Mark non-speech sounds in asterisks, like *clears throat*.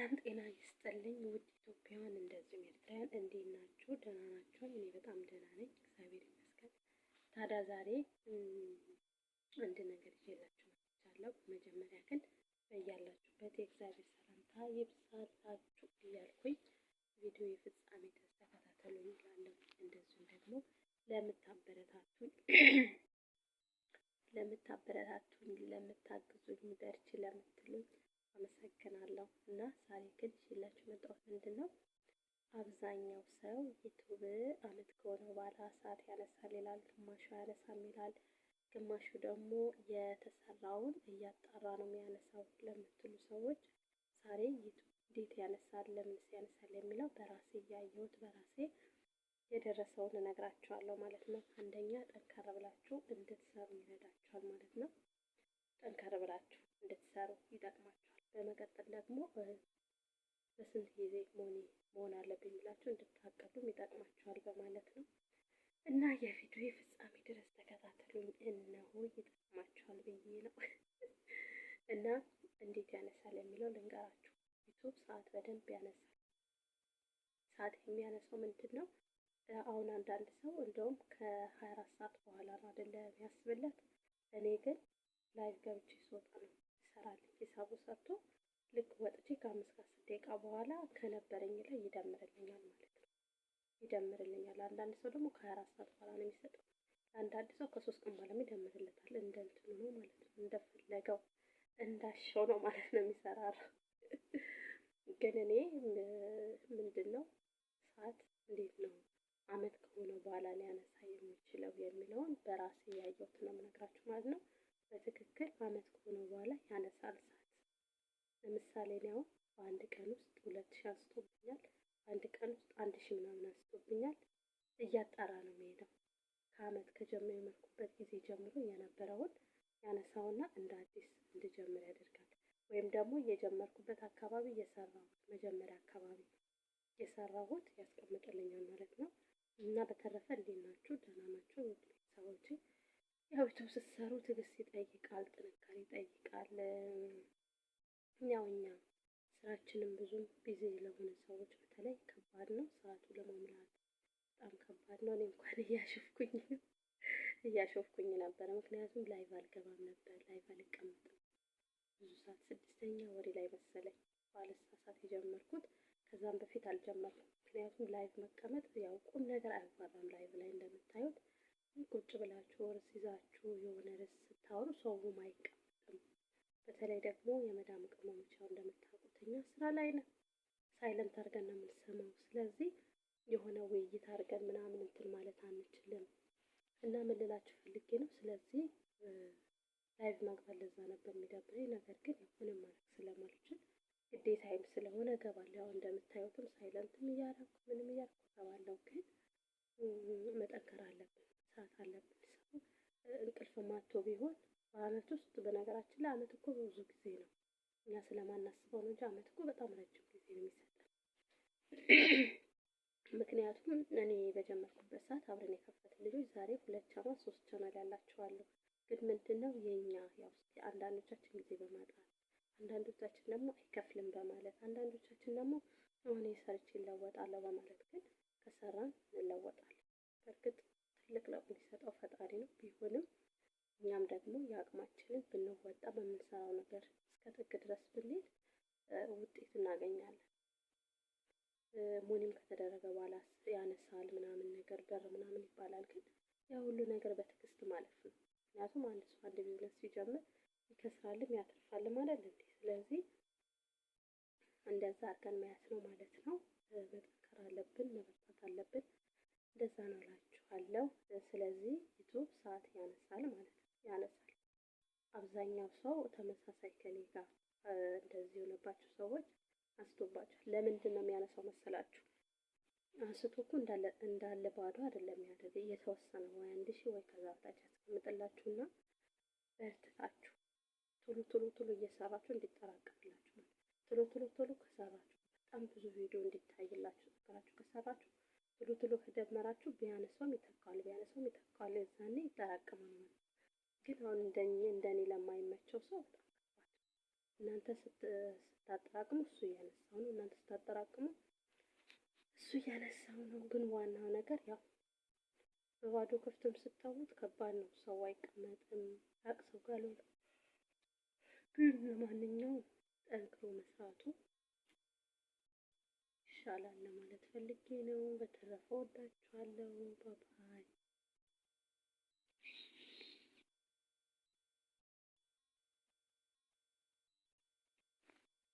ያን ጤና ይስጥልኝ ውድ ኢትዮጵያውያን እንደዚሁም ኤርትራውያን እንዴት ናችሁ? ደህና ናችሁ? እኔ በጣም ደህና ነኝ፣ እግዚአብሔር ይመስገን። ታዲያ ዛሬ አንድ ነገር ይዤላችሁ መጥቻለሁ። መጀመሪያ ግን በያላችሁበት የእግዚአብሔር ሰላምታ ይብዛላችሁ እያልኩኝ ቪዲዮ የፍጻሜ ድረስ ተከታተሉኝ እንደዚሁም ደግሞ ለምታበረታቱኝ *clears throat* ለምታበረታቱኝ ለምታግዙኝ በርቺ ለምትሉኝ አመሰግናለሁ። እና ዛሬ ግን ይዤላችሁ የመጣሁት ምንድን ነው አብዛኛው ሰው ዩቱብ አመት ከሆነ በኋላ ሰዓት ያነሳል ይላል፣ ግማሹ አያነሳም ይላል፣ ግማሹ ደግሞ የተሰራውን እያጣራ ነው የሚያነሳው ለምትሉ ሰዎች ዛሬ ዩቱብ እንዴት ያነሳል፣ ለምንስ ያነሳል የሚለው በራሴ እያየሁት በራሴ የደረሰውን እነግራችኋለሁ ማለት ነው። አንደኛ ጠንከር ብላችሁ እንድትሰሩ ይረዳችኋል ማለት ነው። ጠንከር ብላችሁ እንድትሰሩ ይጠቅማችኋል። በመቀጠል ደግሞ በስንት ጊዜ መሆን መሆን አለብኝ ብላችሁ እንድታቀሉም ይጠቅማችኋል በማለት ነው እና የቪዲዮ ፍጻሜ ድረስ ተከታተሉኝ። እነሆ ይጠቅማችኋል ብዬ ነው *laughs* እና እንዴት ያነሳል የሚለው ልንገራችሁ። ዩቱብ ሰዓት በደንብ ያነሳል። ሰዓት የሚያነሳው ምንድን ነው? አሁን አንዳንድ ሰው እንደውም ከሀያ አራት ሰዓት በኋላ ነው አይደለ የሚያስብለት። እኔ ግን ላይቭ ገብቼ ስወጣ ነው ትሰራለች። ሂሳቡ ሰርቶ ልክ ወጥቼ ከአምስት ከአስር ደቂቃ በኋላ ከነበረኝ ላይ ይደምርልኛል ማለት ነው። ይደምርልኛል። አንዳንድ ሰው ደግሞ ከሀያ አራት ሰዓት በኋላ ነው የሚሰጠው። አንዳንድ ሰው ከሶስት ቀን በኋላም ይደምርለታል። እንደ እንትኑ ነው ማለት ነው። እንደፈለገው እንዳሻው ነው ማለት ነው የሚሰራረው። ግን እኔ ምንድን ነው ሰዓት እንዴት ነው አመት ከሆነ በኋላ ሊያነሳ የሚችለው የሚለውን በራሴ ያየሁት ነው የምነግራችሁ ማለት ነው። በትክክል አመት ከሆነ በኋላ ያነሳል ሰዓት። ለምሳሌ እኔ አሁን በአንድ ቀን ውስጥ ሁለት ሺ አንስቶብኛል፣ በአንድ ቀን ውስጥ አንድ ሺ ምናምን አንስቶብኛል። እያጣራ ነው የሚሄደው ከአመት ከጀመርኩበት ጊዜ ጀምሮ የነበረውን ያነሳውና እንደ አዲስ እንድጀምር ያደርጋል። ወይም ደግሞ የጀመርኩበት አካባቢ የሰራሁት መጀመሪያ አካባቢ የሰራሁት ያስቀምጥልኛል ማለት ነው። እና በተረፈ እንዴት ናችሁ? ደህና ናችሁ ቤተሰቦቼ? ያው ቤቱም ስትሰሩ ትዕግስት ይጠይቃል፣ ጥንካሬ ይጠይቃል። ያው እኛ ስራችንም ብዙም ቢዚ ለሆነ ሰዎች በተለይ ከባድ ነው ሰዓቱ ለማምላት በጣም ከባድ ነው። እኔ እንኳን *laughs* እያሾፍኩኝ እያሾፍኩኝ ነበር፣ ምክንያቱም ላይቭ አልገባም ነበር፣ ላይቭ አልቀመጥም ብዙ ሰዓት። ስድስተኛ ወሬ ላይ መሰለኝ ሰዓት የጀመርኩት ከዛም በፊት አልጀመርኩም፣ ምክንያቱም ላይቭ መቀመጥ ያው ቁም ነገር አይባልም ላይቭ ላይ እንደምታዩት ቁጭ ብላችሁ እርስ ይዛችሁ የሆነ ርዕስ ስታወሩ ሰውም አይቀመጥም። በተለይ ደግሞ የመዳም ቅመሞች ያው እንደምታውቁት እኛ ስራ ላይ ነው፣ ሳይለንት አድርገን ነው የምንሰማው። ስለዚህ የሆነ ውይይት አድርገን ምናምን እንትን ማለት አንችልም እና ምን ልላችሁ ፈልጌ ነው። ስለዚህ ላይቭ መግባት ለዛ ነበር የሚደብረኝ። ነገር ግን ምንም ማለት ስለማልችል ግዴታዬም ስለሆነ እገባለሁ። ያው እንደምታዩትም ሳይለንትም እያደረኩ ምንም እያደረኩ እገባለሁ ግን መጠንከር አለብን። ሰዓት አለብን። እንቅልፍ ማቶ ቢሆን በአመት ውስጥ በነገራችን ላይ አመት እኮ ብዙ ጊዜ ነው። እኛ ስለማናስበው ነው እንጂ አመት እኮ በጣም ረጅም ጊዜ ነው የሚሰጠን። ምክንያቱም እኔ በጀመርኩበት ሰዓት አብረን የከፈትን ልጆች ዛሬ ሁለት አመት ሶስት ቻናል ያላቸዋለሁ። ግን ምንድን ነው የእኛ ያው አንዳንዶቻችን ጊዜ በማጣት አንዳንዶቻችን ደግሞ አይከፍልም በማለት አንዳንዶቻችን ደግሞ አሁን የሰርች ይለወጣለሁ በማለት ግን ከሰራን እንለወጣለን በእርግጥ ሽልቅላቁ ሊሰጠው ፈጣሪ ነው። ቢሆንም እኛም ደግሞ የአቅማችንን ብንወጣ በምንሰራው ነገር እስከ ጥግ ድረስ ብንሄድ ውጤት እናገኛለን። ሙኒም ከተደረገ በኋላ ያነሳል ምናምን ነገር በር ምናምን ይባላል። ግን ያ ሁሉ ነገር በትዕግስት ማለፍ ነው። ምክንያቱም አንድ ሰው አንድ ቢዝነስ ሲጀምር ይከስራልም ያተርፋልም አይደል እንዴ? ስለዚህ እንደዛ አድርገን መያዝ ነው ማለት ነው። ሰው ተመሳሳይ ከኔ ጋር እንደዚህ የሆነባችሁ ሰዎች አንስቶባችኋል። ለምንድን ነው የሚያነሳው መሰላችሁ? አንስቶ እኮ እንዳለ ባዶ አይደለም ያደረገ እየተወሰነ ወይ አንድ ሺህ ወይ ከዛ በታች ያስቀምጥላችሁና በርትታችሁ ቶሎ ቶሎ ቶሎ እየሰራችሁ እንዲጠራቀምላችሁ ነው። ቶሎ ቶሎ ቶሎ ከሰራችሁ በጣም ብዙ ቪዲዮ እንዲታይላችሁ ጥራችሁ ከሰራችሁ ቶሎ ቶሎ ከደመራችሁ ቢያነሰውም ይተካዋል፣ ቢያነሰውም ይተካዋል። የዛኔ ይጠራቀማል ማለት ነው። ግን አሁን እንደኔ እንደኔ ለማይመቸው ሰው እናንተ ስታጠራቅሙ እሱ እያነሳው ነው። እናንተ ስታጠራቅሙ እሱ እያነሳው ነው። ግን ዋናው ነገር ያው በባዶ ክፍትም ስታዩት ከባድ ነው። ሰው አይቀመጥም አቅሰው ጋር ግን ለማንኛውም ጠንክሮ መስራቱ ይሻላል ለማለት ፈልጌ ነው። በተረፈ ወዳችኋለሁ። ባባይ